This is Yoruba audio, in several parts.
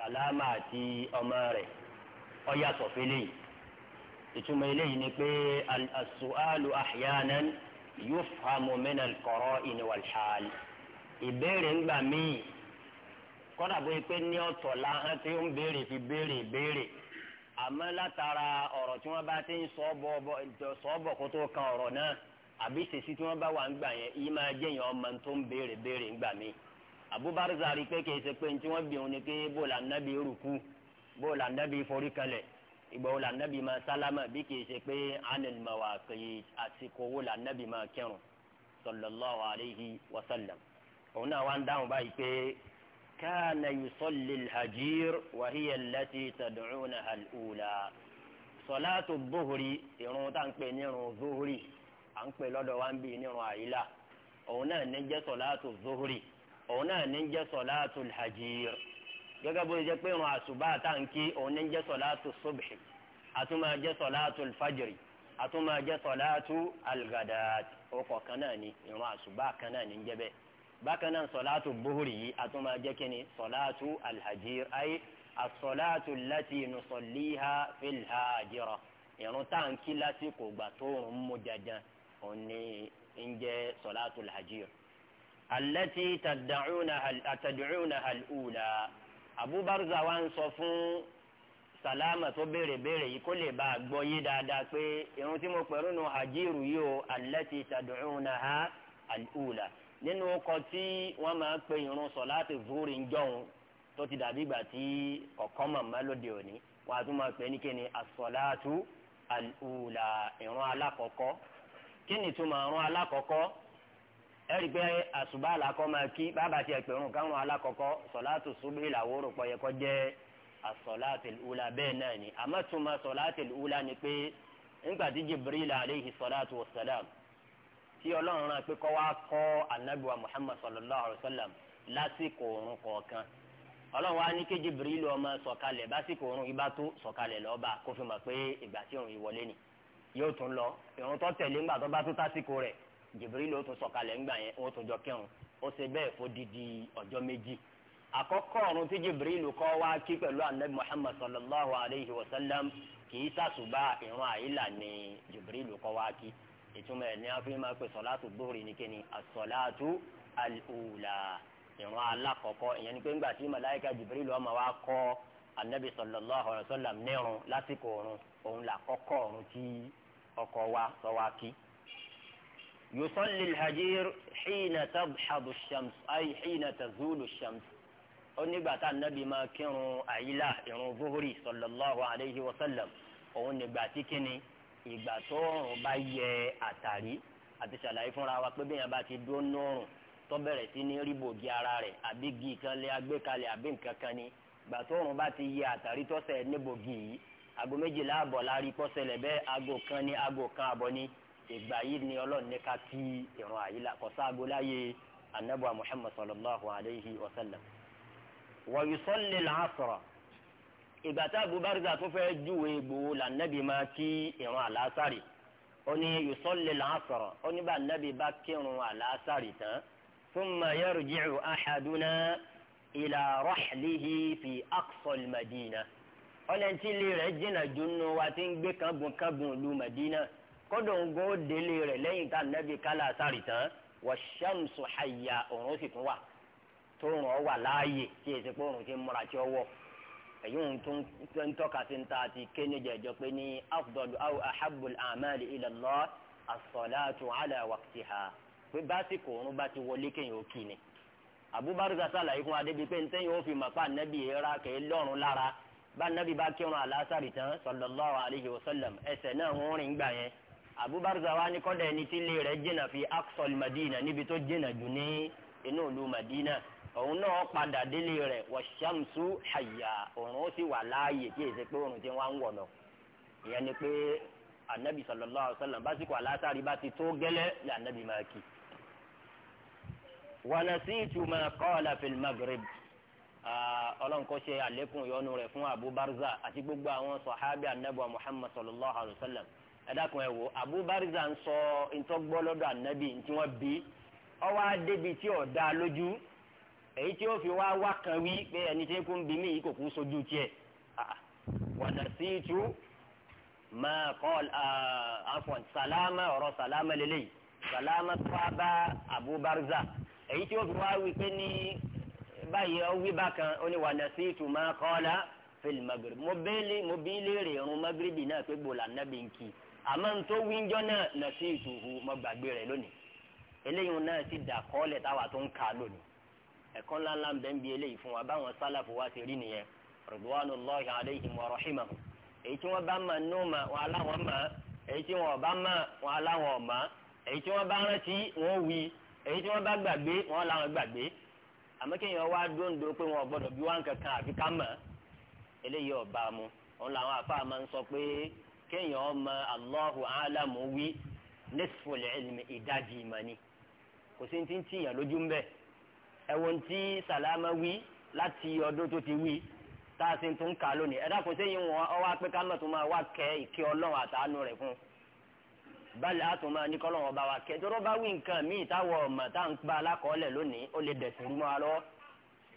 Sàlámà àti ọmọ rẹ̀ ó yàtọ̀ fẹ́lẹ́ yìí ìtumọ̀ eléyìí ni pé as-su'alu ahyanan yufhamu min al-qara'in wal-hal ìbéèrè ńgbà míì kọ́dà bó yẹ pé ní ọ̀tọ̀ láhán tí ó ń béèrè fi béèrè béèrè àmọ́ látara ọ̀rọ̀ tí wọ́n bá ti ń sọ́ọ̀bọ̀ kó tó kan ọ̀rọ̀ náà àbí ìṣesí tí wọ́n bá wà ń gbà yẹn yìí máa jẹ́yìn ọmọ tó ń béèrè béèrè ńgbà míì. Abubarza rí pé kìí ṣe pé ní tí wọ́n bí òun ni pé bóòlù ànábì rúkú bóòlù ànábì foríkalẹ̀ ìgbà wo lànábì máa sálámà bí kìí ṣe pé anil mawaqit àsìkò wo lànábì máa kẹrùn sallallahu alayhi wa sallam òun náà wá ń dáhùn báyìí pé kana yusalli hajir wa hiya allati tad'unaha al-ula irun tá à pè ní irun dhuhri à ń pè lọ́dọ̀ wa ń bì ní irun àyílà òun náà ní jẹ́ salatu dhuhri òun náà ní jẹ́ sọ̀láàtù hajir gẹ́gẹ́ bó jẹ́ pé irun àṣùbà àtàǹkì òun ní jẹ́ sọ̀láàtù subhi àtúmọ̀ jẹ́ sọ̀láàtù fajiri àtúmọ̀ jẹ́ sọ̀láàtù algadat ọkọ̀ kan náà ni irun àṣùbà kan náà ní jẹ́ bẹ́ẹ̀ bákan náà sọ̀láàtù buhuri yìí àtúmọ̀ jẹ́ kí ni sọ̀láàtù alhajir ayé asọ̀láàtù láti nùsọ̀líha filhajira irun táǹkì lásìkò gbà tó rùn mú jajan òun ní ń jẹ́ sọ̀láàtù alhajir alẹ́tí tàdàcúnà àlùlà abubarza wa ń sọ fún salama tó béèrè béèrè yìí kó lè bá a gbọ́ yé dáadáa pé irun tí mo pẹ̀lú nu hajiru yìí o alẹ́tí tàdàcúnà àlùlà nínú ọkọ̀ tí wọ́n máa ń pe irun sọ̀láàtì zúrì ń jọ̀hún tó ti dàbí ìgbà tí ọ̀kan màmá lóde òní wọ́n á tún máa pè é ní kíni irun alákọ̀ọ́kọ́ kíni tó máa rún alákọ̀ọ́kọ́ ẹ̀rí pé àṣùbà àlàkọ́ máa kí bàbá ti ẹ̀pẹ̀rún káwọn alákọ̀ọ́kọ́ sọ̀láàtù súbí ìlàwó rò pọ̀ yẹ kọ́ jẹ́ àsọ̀láàtì ùlà bẹ́ẹ̀ náà ni àmọ́ túmọ̀ sọ̀láàtì ùlà ni pé nígbà tí jibril aleyhi sọ̀láàtù wasalam tí ọlọ́run rán pé kọ́ wá kọ́ anabiwa muhammad sallallahu alayhi wa sallam lásìkò òrùn kọ̀ọ̀kan ọlọ́run wá ní kí jibril ó sọ̀kalẹ̀ básìkò òrùn ibà Jibril ó tún sọ̀kalẹ̀ ńgbà yẹn ó tún jọ kírun ó ṣe bẹ́ẹ̀ fó didi ọjọ́ méjì àkọ́kọ́ ọ̀run tí Jibril kọ́ wá kí pẹ̀lú anabi Muhammad sallallahu alayhi wa sallam kì í sàṣùbà ìrun àyílà ni Jibril kọ́ wá kí ìtumọ̀ ẹ̀ ní afi máa pè sọ̀láàtù dúhùrì ní kíni àsọ̀láàtù al-ula ìrun alákọ̀ọ́kọ́ ìyẹn ni pé ńgbà tí màláìka Jibril ó máa wá kọ́ anabi sallallahu alayhi wa sallam nírun lásìkò ọ̀run òun là kọ́kọ́ ọ̀run tí ọkọ̀ wa sọ wá kí. So يصلي الهجير حين تضحض الشمس أي حين تزول الشمس onígbà tá nàbì máa kírun àyílà ìrun zuhuri sallallahu alayhi wa sallam òun nígbà tí kínní ìgbà tó òòrùn bá yẹ àtàrí àti ṣàlàyé fúnra wa pé bẹ́ẹ̀ bá ti dó nọ́ọ̀rùn tó bẹ̀rẹ̀ sí ní rí bògì ara rẹ̀ àbí gi kan lé agbékalẹ̀ àbí nǹkan kan ni ìgbà tó bá ti yẹ àtàrí tọ́sẹ̀ ní bògì yìí aago méjìlá àbọ̀ la rí kọ́sẹ̀lẹ̀ bẹ́ẹ̀ aago kan ní aago kan àbọ̀ ní ìgbà yìí ni ọlọ́run ní ká kí ìrun àyílá kọ́sáàgó láyé anábọ̀ muhammad sallallahu alayhi wa sallam wa yusalli al-asra ìgbà tá abubarza tó fẹ́ júwe gbòó lànàbì máa kí ìrun àlásàrì ó ní yusalli al-asra ó ní bá nàbì bá kírun àlásàrì tán thumma yarji'u ahaduna ila rahlihi fi aqsa al-madina ọ̀nà tí ilé rẹ̀ jìnnà jùnú wa ti ń gbé kángun kángun ìlú madina kọ́dọ̀ ogun ó délé rẹ̀ lẹ́yìn tá nẹ́bí kálá sáré tán wọ́n ṣàmùsùn àyà òun sì tún wà tó rùn ọ́ wà láàyè tí èsì pé òun ti múra tí ó wọ̀ èyí òun tó ń tọ́ka sí ta àti kéńjẹ jọ pé ní afdol aw ahabul amali ila Allah as-salatu ala waqtiha pé básìkò òun bá ti wọlé kéèyàn ó kì ni abubakar sàlàyé fún adébí pé ntẹ́ yóò fi màpá nẹ́bí ra kẹ́ lọ́rùn lára bá nẹ́bí bá kírun àlásàrì tán sallallahu alayhi wa ẹsẹ̀ náà ń rìn gbà yẹn Abu Barzawa ni kọ́dà ẹni tí ilé rẹ̀ jìnnà fi aksol Madina níbi tó jìnnà jù ní inú ìlú Madina òun náà padà délé rẹ̀ wàṣàmùsù hayya òun ó sì wà láàyè tí èsì pé òun ti wá ń wọ̀ lọ ìyẹn ni pé anabi sallallahu alaihi wasallam básìkò alásàrí bá ti tó gẹ́lẹ́ ní anabi máa kì wa nasitu ma qala fil Maghrib ọlọ́run kó ṣe àlékún ìyọnu rẹ̀ fún Abu àti gbogbo àwọn sọ̀hábì anabi Muhammad sallallahu alaihi wasallam ẹ̀dàkùn ẹ̀ wò abubariza ń sọ ntọ́gbọ́ lọ́dọ̀ ànábì tí wọ́n bí ọwọ́ adébi tí ò dá lójú èyí tí ó fi wá wá kan wí pé ẹni tí kò ń bí mí yìí kò kú sojú tiẹ̀ ah, wọ̀nà sí tu máa kọ́ ah, afọ̀n sàlámà ọ̀rọ̀ sàlámà lélẹ́yìí sàlámà tó wá bá èyí tí ó fi wá wí pé ní báyìí ó wí bákan ó ní wọ̀nà sí tu máa kọ́ la fil maghrib mo bẹ́ẹ̀ lé mo bí léèrè irun maghrib náà pé gbòòlà nábì ń àmọ́ n tó wíńjọ́ náà nà sí ìtòhù mọ́ gbàgbé rẹ̀ lónìí eléyìí náà sì dà kọ́ọ̀lẹ̀ táwa tó ń kà lónìí ẹ̀kọ́ ńláńlá ń bẹ ń bi eléyìí fún wa báwọn sálàfù wa ti rí nìyẹn radwanullahi alaihim wa rahimahum èyí tí wọ́n bá mọ̀ nù mọ̀ wọn aláwọ̀ mọ̀ èyí tí wọ́n bá mọ̀ wọn aláwọ̀ mọ̀ èyí tí wọ́n bá rántí wọ́n wí èyí tí wọ́n bá gbàgbé wọ́n làwọn gbàgbé àmọ́ kéèyàn wá dóńdó pé wọn gbọ́dọ̀ bí wọn kankan àfi ká mọ̀ eléyìí ọ̀bá mu òun làwọn àfáà máa ń sọ pé kéèyàn ọmọ Allahu alamu wí nisful ilmi ìdajì ìmọ̀ ni kò sí ti ń tìyàn lójú ń bẹ̀ ẹ̀wọ̀n tí Sàlámà wí láti ọdún tó ti wí tá a sì tún kà lónìí ẹ̀dá kò séyìn wọn ọwọ́ apẹ́ ká tó máa wá kẹ́ ìkẹ́ ọlọ́run àtàánú rẹ̀ fún un báyìí tún máa ní kọ́lọ́run ọba wa kẹ́ tó rọ́bà wí nǹkan míì táwọ̀ ọ̀mọ̀ tá à ń pa alákọ̀ọ́lẹ̀ lónìí ó lè dẹ̀sìn rú máa lọ́wọ́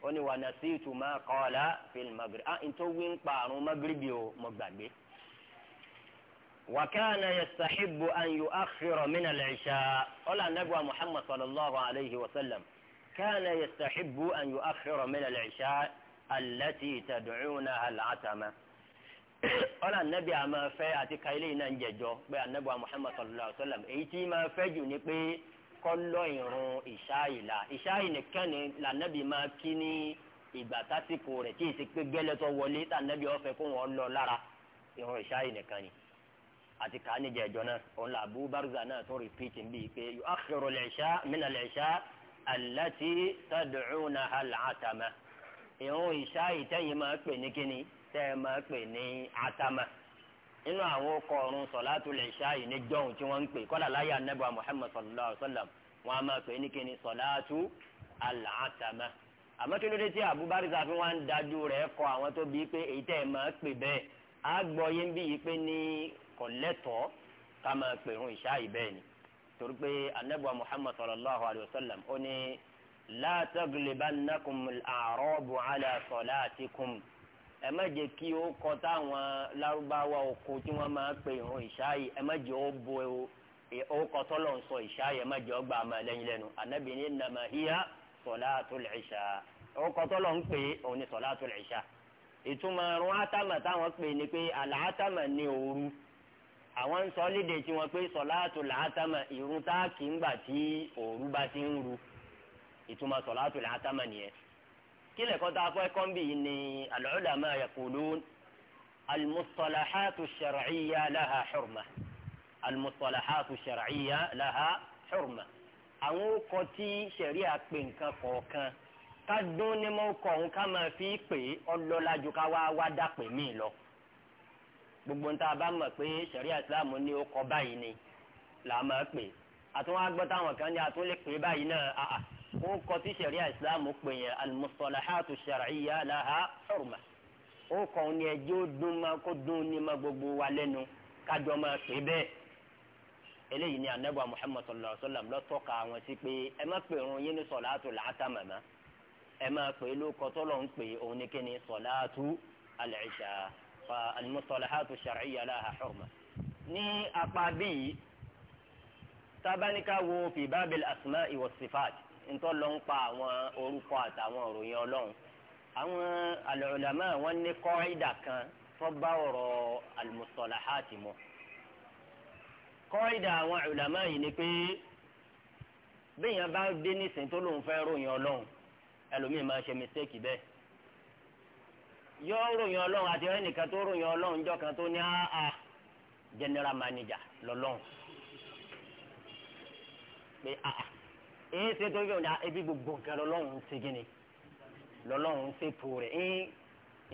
ó ní wà nà sí ìtumọ̀ kọ́ọ̀lá fílmù à ń tó wí ń pa àrùn magrebi o mo gbàgbé wakana yastahibu an yu akhiro min al-isha ọlá anabiwa muhammad sallallahu alayhi wa sallam kana yastahibu an yu akhiro min al-isha alati taducuna al-atama ọlá anabi a máa fẹ́ àti kailé iná ń jẹjọ pé anabiwa muhammad sallallahu alayhi wa sallam èyí tí máa fẹ́ jù ni pé kọlọ irun ìṣáì la ìṣáì nìkan ni lànàbí máa kí ní ìgbà tásìkò rẹ̀ tí èsì pé gẹ́lẹ́ tó wọlé tànàbí ọ̀fẹ́ kó wọn lọ lára irun ìṣáì nìkan ni àti kàá ní jẹjọ náà òun là Abu Barza náà tó rìpíìtì ń bí i pé yu'akhiru al-isha min al-isha allati tad'unaha al-atama ìhun ìṣá ìtẹ́yìn máa pè ní kíni tẹ́ ẹ máa pè ní atama nínú àwọn ọkọ̀ ọ̀run salatul isha yìí ní jọ́hùn tí wọ́n ń pè kọ́lá láyé anábọ̀ Muhammad sallallahu alayhi wa sallam wọn a máa pè ní kíni salatu al àmọ́ kí ló dé tí Abu fi wá ń dájú rẹ̀ kọ àwọn tó bíi pé èyí tẹ́ ẹ máa pè bẹ́ẹ̀ á gbọ́ yín bíi pé ní kò lẹ́tọ̀ọ́ ká máa pèrún ìṣá ìbẹ́ẹ̀ ni torí pé anabi muhammad sallallahu alayhi wa sallam ó ní la taglibannakum al-a'rabu ala salatikum ẹ má jẹ́ kí ó kọ táwọn lárúbáwá oko tí wọ́n máa pè ìrun ìṣá yìí ẹ má jẹ́ ó bo ó kọ tọ́lọ̀ ń sọ ìṣá yìí ẹ má jẹ́ ó gbà máa lẹ́yìn lẹ́nu anabi ní innama hiya salatul ó kọ tọ́lọ̀ ń pè òun ní salatul ìtumọ̀ ìrun átàmà táwọn pè ní pé àlàátàmà ní òru àwọn ń sọ léde tí wọn pé sọláàtù làátàmà ìrun tá a kì í gbà tí òru bá ti ń ru ìtumọ̀ sọláàtù làátàmà nìyẹn kí lẹ́kọ́ tá a fẹ́ kọ́ńbì yìí ni al-ulama yaqulun al-mustalahatu shar'iyya laha hurma al-mustalahatu laha hurma àwọn okọ̀ tí sẹ̀ríà pè nǹkan kọ̀ọ̀kan ká dún ní mọ́kọ̀ ká máa fi pè é ká wá wá dá mí lọ gbogbo ń tá a bá mọ̀ pé sẹ̀ríà ìsìláàmù ní ó kọ báyìí ni là á máa pè àtúnwá gbọ́ táwọn kan ní àtún lè pè báyìí náà àà ó kọ tí sẹ̀ríà ìsìláàmù pè yẹn al-mustalahatu shar'iyya laha hurma ó kọ́ ní ẹjẹ́ dún ma kó dún ní ma gbogbo wa lẹ́nu kájọ máa pè bẹ́ẹ̀ eléyìí ni anabuwa muhammad sallallahu alaihi wa sallam lọ́tọ́ka àwọn sí pé ẹ má pè irun yín ní sọ̀láàtù làátà màmá ẹ má pè lóko tó lọ́n pè òun ní kíni sọ̀láàtù al-isha fa al-mustalahatu shar'iyya laha hurma. ní apá bíi tábánikà wo fi babil asma'i was sifat ntọ́ lọ ń pa àwọn orúkọ àtàwọn òròyìn ọlọ́run àwọn al-ulama wọn ní kọ́ìdà kan tó bá ọ̀rọ̀ al-mustalahati àwọn ulama yìí ni pé bẹ́ẹ̀ yẹn bá dé nísìnyí tó fẹ́ ròyìn ọlọ́run ẹlòmíì máa ṣe mistake bẹ́ẹ̀ yọ ròyìn ọlọ́run àti ẹnìkan tó ròyìn ọlọ́run jọ kan tó ní àà general manager lọ́lọ́run pé àà èyí ṣe tó yọ̀ ebi gbogbo nǹkan lọ́lọ́run ń ṣe gíní lọ́lọ́run ń ṣe tó rẹ̀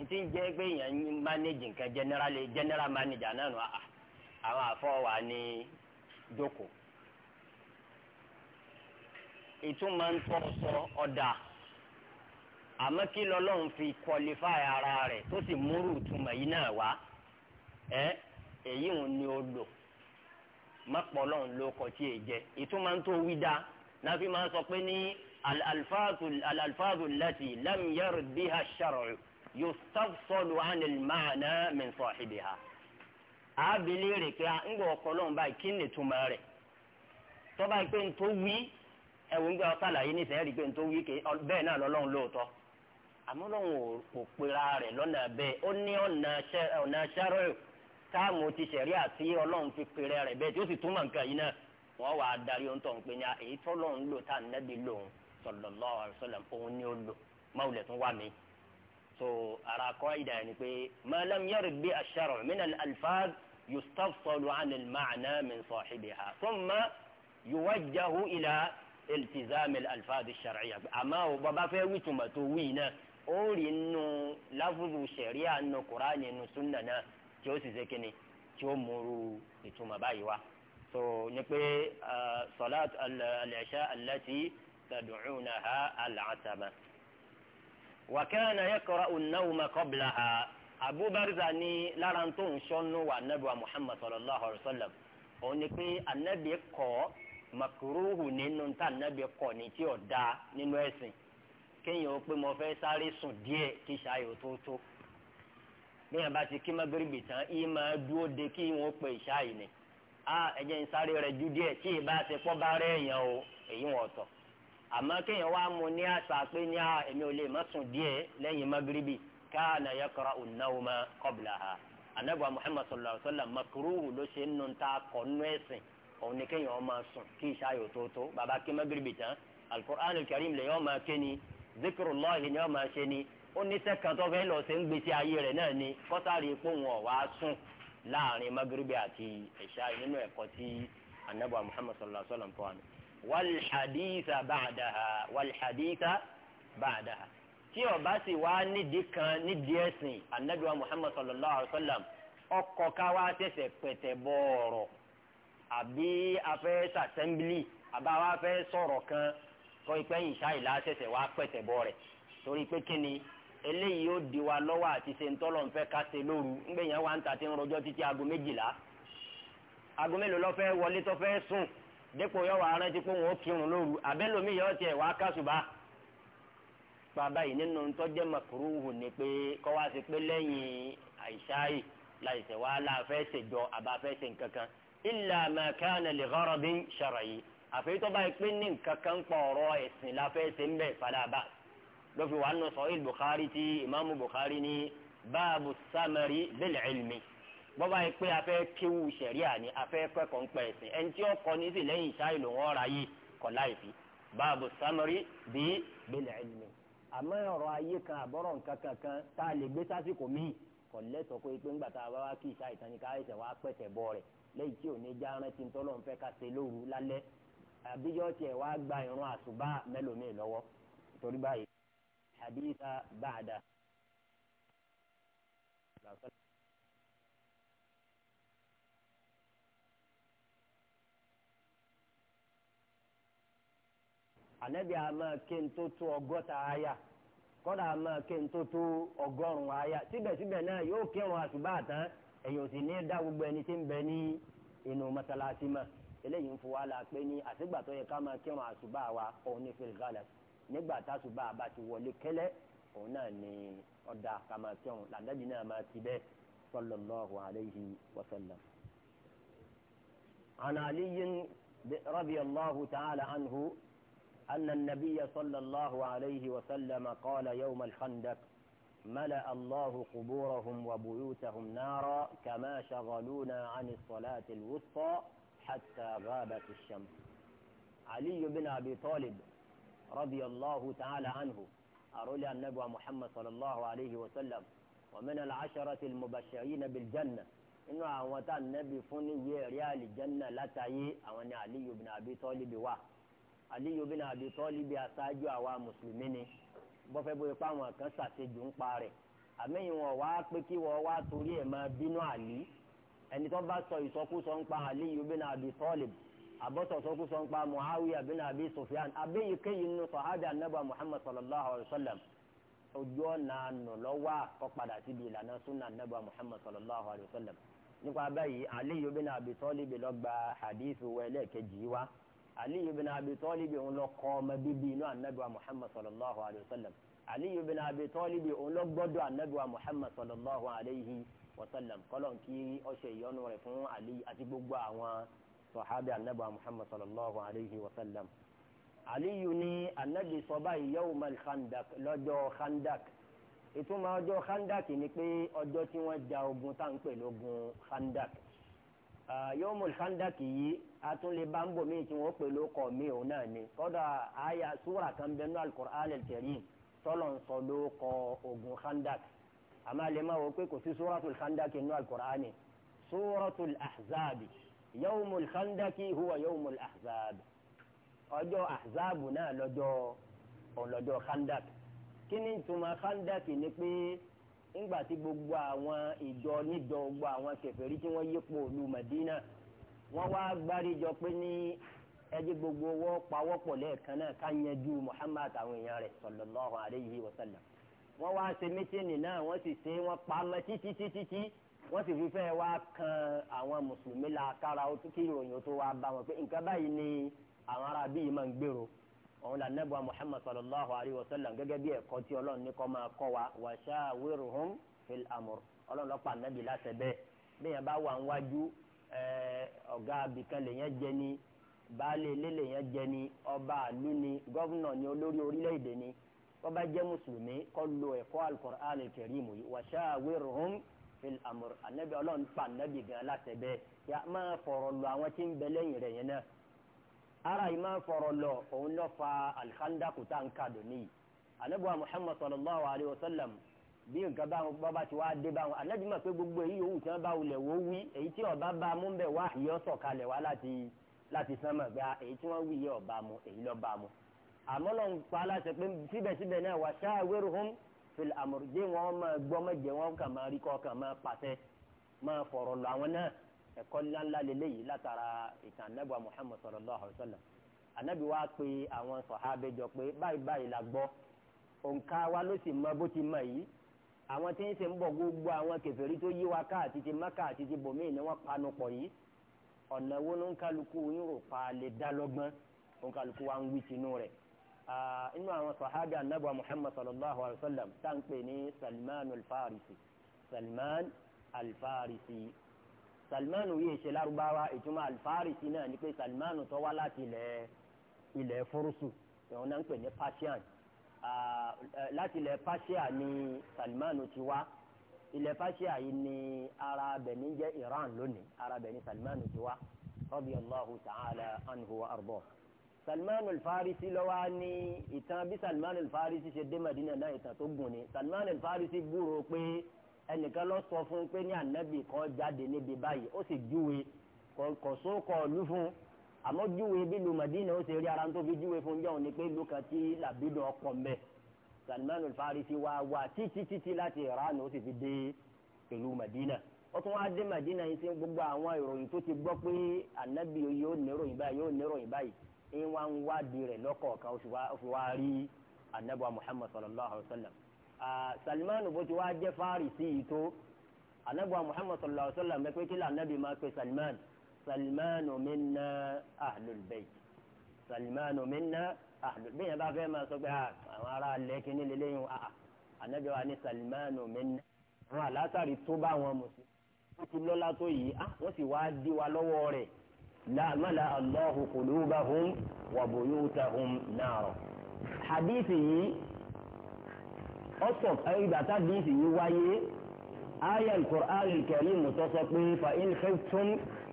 ń ti jẹ́ pé èèyàn ń manage nǹkan general general manager náà nù àà àwọn àfọwà ní jókòó ìtumọ̀ ń tọ́ sọ ọ̀dà àmọ́ kí lọ́lọ́run fi qualify ara rẹ̀ tó sì múrù túmọ̀ yìí náà wá ẹ èyí ń ní o lò mọ́pọ̀lọ́run ló kọ tí e jẹ ìtumọ̀ tó wí dá náà fi máa sọ pé ní al-alfadhu allati lam yard biha ash-shar'u yustafsalu 'an al-ma'na min sahibiha àbílẹ̀ rẹ̀ pé ńgbà ọ̀pọ̀lọ́run báyìí kí ni ìtumọ̀ rẹ̀ tọ́ba pé ń tó wí ẹ̀wọ̀n gbé ọ sàlàyé nísìnyẹ́rì pé ń tó wí bẹ́ẹ̀ náà lọ́lọ́run lóòótọ́ àmọ́ lóun kò pera rẹ̀ lọ́nà bẹ́ẹ̀ ó ní ọ̀nà sẹ́rọ̀ táàmù ti sẹ̀rí àti ọlọ́run fi pera rẹ̀ bẹ́ẹ̀ tí ó sì túmọ̀ nǹkan yìí náà wọ́n wàá darí ohun tó ń pè ní èyí tó lọ́run lò tá ànábì lòun sallallahu alaihi wasallam òun ni ó lò máwùlẹ̀ tún wà mí. so ara kọ́ ìdá yẹn pé ma lam yarid bi ash-shar'u min al-alfaz yustafsalu 'an al-ma'na min sahibiha ila iltizam al-alfaz ash àmọ́ bàbá fẹ́ wí tùmọ̀ tó wí náà ó rí nínú láfúrú sẹ̀ríà nínú kùránì nínú súnà náà tí ó sì ṣe kíni tí ó múru ìtumọ̀ báyìí wá so ní pé sọláàtù al-isha allati tad'unaha al-asaba wa kana yaqra'u an-nawma qablaha Abu Barza ni lára tó ń sọnù wà nabi wa Muhammad sallallahu alayhi wa sallam òun ni pé anabi kọ makuruhu nínú ta anabi kọ ní tí ó da nínú ẹ̀sìn kéèyàn pé mo fẹ́ sáré sùn díẹ̀ kí ṣáyò tó tó bẹ́ẹ̀ bá ti kí magrebi tán yìí máa dúró de kí wọ́n pè ṣáyì ni a ẹ̀jẹ̀ ń sáré rẹ̀ ju díẹ̀ tí ì bá ṣe pọ́ bá rẹ̀ yàn o èyí wọ́n tọ̀ àmọ́ kéèyàn wá mu ní àṣà pé ní a ò lè má sùn díẹ̀ lẹ́yìn magrebi káànà yaqra'u an-nawma qablaha anabi muhammad sallallahu alaihi wa sallam makuruhu ló ṣe ń nu ta kọ́nú ẹ̀sìn òun ni kéèyàn máa sùn kí ṣáyò tó tó bàbá kí magrebi tán al-Qur'an al lè yọ máa kéènì zikirullahi ni wọ́n máa ṣe ni ó ní sẹ́kàtọ́ fẹ́ lọ sí ń gbèsè ayé rẹ̀ náà ni kọ́tàrí ipò wọn wá sùn láàrin magrebi àti ìṣá nínú ẹ̀kọ́ tí anabu muhammad sallallahu alaihi wa sallam fún wa ni. wal haditha ba'daha wal haditha tí ó sì wá nídìí kan nídìí ẹ̀sìn anabi muhammad sallallahu alaihi wa sallam ọkọ̀ ká wá tẹ̀sẹ̀ pẹ̀tẹ̀ bọ̀ àbí afẹ́ sàtẹ́mbìlì àbá wa fẹ́ sọ̀rọ̀ kan sọ ìpẹ́ yìí ṣáìlá ṣẹ̀ṣẹ̀ wá pẹ̀tẹ̀ bọ́ rẹ̀ torí pé kí ni eléyìí yóò di wa lọ́wọ́ àti ṣe ńtọ́lọ̀ ńfẹ́ ká ṣe lóru ńgbẹ̀yẹn wa ń ta ti ń rọjọ́ títí aago méjìlá aago mélòó lọ́fẹ́ wọlé tọ́fẹ́ sùn dépò yọ wà rántí pé wọn ó kírun lóru àbẹ́lómi yọ tiẹ̀ wá kásùbà bàbá yìí nínú tọ́jẹ́ màkúrúhù ni pé kọ́ wá sí pé lẹ́yìn àìsáì láìsẹ̀ wá láàfẹ́ ṣèjọ àbáfẹ́ ṣe nǹkan kan illa ma kana li gharadin àfẹ́yìntọ́ báyìí pé ní nǹkan kan pa ọ̀rọ̀ ẹ̀sìn la fẹ́ ṣe ń bẹ̀ fàdàbà lọ́fi wàá nù sọ il Bukhari ti imaamu Bukhari ní báàbù samari bil ilmi bọ́bá yìí pé afẹ́ kéwù sẹ̀ríà ni afẹ́ kẹ́kọ̀ọ́ ń pẹ̀ ẹ̀sìn ẹni tí ó kọ́ ní sí lẹ́yìn ìṣá ìlú wọn ra yìí kọ́ láì fi báàbù samari bí bil ilmi àmọ́ ọ̀rọ̀ ayé kan àbọ̀rọ̀ nǹkan kankan tá a lè gbé sásìkò míì kọ̀ lẹ́tọ̀ pé pé ńgbà tá a wá kí ìṣá ìtàn àbíjọ́ tiẹ̀ wá gba irun àṣùbà mẹ́lòmíì lọ́wọ́ torí báyìí haditha ba'da. ànẹ́bí àmọ́ kí n tó tó ọgọ́ta aya kọ́dà àmọ́ kí n tó tó ọgọ́rùn-ún aya síbẹ̀síbẹ̀ náà yóò kírun àṣùbà tán èyí ní dá gbogbo ẹni tí ń bẹ ní inú mọ́sálásí mọ́. eléyìí ń fún wa la pé ní àtìgbà tó yẹ ká máa kírun àṣùbà wa òun ní fèrè gàlẹ nígbà táṣùbà bá ti wọlé kẹlẹ òun náà ní ọdà ká máa kírun làdájì náà máa ti bẹ sallallahu alayhi wa sallam. عن علي رضي الله تعالى عنه أن النبي صلى الله عليه وسلم قال يوم الخندق ملأ الله قبورهم وبيوتهم نارا كما شغلونا عن الصلاة الوسطى حتى غابت الشمس علي بن أبي طالب رضي الله تعالى عنه أرولي النبي محمد صلى الله عليه وسلم ومن العشرة المبشرين بالجنة إنه أعوات النبي فني ريال الجنة لا تعي أواني علي بن أبي طالب واه علي بن أبي طالب أساجو أوا مسلمين bọ́fẹ́ bóyá pé àwọn kan ṣàṣejù ń parẹ́ àmẹ́yìn wọn wá pé kí ẹni tó bá sọ ìsọkúsọ ń pa aliyu bin abi talib abọ́sọ̀ sọkúsọ ń pa muawiya bin abi sufyan abéyí kéyìí nínú sọ̀hádà anábà muhammad sallallahu alayhi wa sallam ojú ọ̀nà ànà lọ́wọ́ àkọ́padà síbi ìlànà sunna anábà muhammad sallallahu alayhi wa sallam nípa báyìí aliyu bin abi talib lọ gba hadith wẹlẹ kejì wa aliyu bin abi talib òun lọ kọ́ ọmọ bíbí inú anábà muhammad sallallahu alayhi wa sallam aliyu bin abi talib òun lọ gbọ́dọ̀ anábà muhammad sallallahu alayhi wa sallam wasallam kọ́lọ̀ kí ọṣẹ ìyọnu rẹ̀ fún Ali àti gbogbo àwọn sọ̀hábì anábà Muhammad sallallahu alayhi wa sallam. Aliyu ni anabi sọ báyìí yawmal khandak lọ́jọ́ khandak ìtumọ̀ ọjọ́ khandak ni pé ọjọ́ tí wọ́n ja ogun tá à ń pè lógun khandak yawmul khandak yìí atúnlé bámbò míì tí wọ́n pè lóko mi òun náà ni kọ́dà àyà súwúrà kan bẹ́ẹ̀ ní al-Qur'an tọ́lọ̀ ń sọ lóko ogun khandak àmọ́ alẹ́ máa wọ pé kò sí suratul khandaki nínú alukur'ani suratul ahzabi yawmul khandaki huwa yawmul ahzabi ọjọ́ ahzabu náà lọ́jọ́ ọlọ́jọ́ khandak kí ni ìtumọ̀ khandak ni pé ńgbà tí gbogbo àwọn ìjọ níjọ gbogbo àwọn kèfèrí tí wọ́n yípo ìlú Madina wọ́n wá gbáríjọ pé ní ẹjẹ gbogbo wọ́n pawọ́pọ̀ lẹ́ẹ̀kan náà ká yanjú Muhammad àwọn èèyàn rẹ̀ sallallahu alayhi wa wọ́n wá ṣe mítìnì náà wọ́n sì ṣe wọ́n pa mọ́ títí títí tí wọ́n sì fi fẹ́ wá kan àwọn mùsùlùmí la kára ó tún kí ìròyìn tó wá bá wọn pé nǹkan báyìí ni àwọn ará bíi máa ń gbèrò òun là nẹ́bù wa muhammad sallallahu alayhi wa sallam gẹ́gẹ́ bí ẹ̀kọ́ tí ọlọ́run ní kọ́ máa kọ́ wa wa shawiruhum fil amr ọlọ́run lọ́pàá nẹ́bì láṣẹ bẹ́ẹ̀ bẹ́ẹ̀ bá wà ń wájú ọ̀gá abìkan lèyàn jẹ ni baálé ilé lèyàn jẹ ni ọba àlú ni gọ́vùnà ni olórí orílẹ̀-èdè ni bọ́ba jẹ́ mùsùlùmí kọ́ lo ẹ̀kọ́ al-Qur'an al-Karim yìí wa shawirhum fil amr anabi ọlọ́run pa anabi gan láti ẹ̀bẹ̀ yà máa fọ̀rọ̀ lọ àwọn tí ń bẹ lẹ́yìn rẹ̀ yẹn náà ara yìí máa fọ̀rọ̀ lọ òun lọ fa al-Khandaq tá n ká anabi wa Muhammad sallallahu alayhi wa sallam bí nǹkan bá wọn bọ́ba ti wá dé bá wọn anabi mọ̀ pé gbogbo èyí yòówù tí wọ́n bá wulẹ̀ wọ́n wí èyí tí ọba bá mú bẹ̀ wá ìyọ́ sọ̀kalẹ̀ wá láti láti sánmọ̀ gba èyí tí wọ́n wí yẹ ọba mu èyí lọ́ mu àmọ́ lọ́n pa aláṣẹ pé síbẹ̀síbẹ̀ náà wà ṣáàwérúhùn fìlà àmọ̀rùjẹ́ wọn máa gbọ́ mẹ́jẹ wọn kàn máa rí kọ́ kàn máa pàṣẹ máa fọ̀rọ̀ lọ àwọn náà ẹ̀kọ́ ńláńlá lélẹ́yìí látara ìtàn anábì Muhammad sallallahu alayhi wa sallam anábì wa pe àwọn sọ̀hábẹ́ jọ pé báyìí báyìí la gbọ́ òǹkà wa ló sì mọ bó ti mọ yìí àwọn tí ń ṣe ń bọ̀ gbogbo àwọn kèfèrí tó yí wa káàtì ti Mákà àti ti bòmíì ni wọ́n panu pọ̀ yìí ọ̀nà wo ló ń kálukú yín rò pa lè dá lọ́gbọ́n òǹkálukú wa ń wí tinú rẹ̀ inú àwọn sàhábì anábọ̀ muhammad sallallahu alayhi wa sallam tá à ń pè ní salman alfarisi salman alfarisi salman yìí ṣe lárúbáwá ìtumọ̀ alfarisi náà ni pé salman tó wá láti ilẹ̀ ilẹ̀ fúrúsù ìwọ̀n náà ń pè ní persian láti ilẹ̀ persia ni salman ti wá ilẹ̀ persia yìí ni ara bẹ̀ jẹ́ iran lónìí ara bẹ̀ salman ti wá radiyallahu ta'ala anhu wa salman al-farisi lọ́wọ́ á ní ìtàn bí salman al-farisi ṣe dé madina náà ìtàn tó gùn ni salman al-farisi gbúrò pé ẹnìkan lọ sọ fún un pé ní anabi kan jáde níbi báyìí ó sì júwe kò sókò ọ̀lú fún un àmọ́ júwe bí lu madina ó ṣe rí ara tó fi júwe fún un jọ̀hún ni pé ìlú kan tí làbídọ̀ ọkọ̀ mbẹ́ salman al-farisi wá wá títí títí láti iran ó sì fi dé ìlú madina ó tún wá dé madina yìí sí gbogbo àwọn ìròyìn tó ti gbọ́ pé anabi yóò níròyìn báyìí yóò níròyìn báyìí ń wá ń wádìí rẹ̀ lọ́kọ̀ọ̀kan ó fi wá rí anabi muhammad sallallahu alayhi wa sallam salman bó ti wá jẹ́ fárisì yìí tó anabi muhammad sallallahu alayhi wa sallam ẹ pé kí lànàbì máa pe salman salman minna ahlul bayt salman minna ahlul bayt yẹn bá fẹ́ máa sọ pé ah, àwọn ará lẹ́kìn ah, ní lélẹ́yìn anabi wa ni salman minna wọn àlásàrí tó bá wọn mùsùlùmí ó ti lọ́lá tó yìí ah, wọ́n sì wá dí wa lọ́wọ́ rẹ̀ láàmàlà allahu qulubahum wa buyutahum nara. hadithi yìí ọ̀sọ̀ ìgbà tá hadithi yìí wáyé aya al-Qur'an al-Karim tó sọ pé fa in khiftum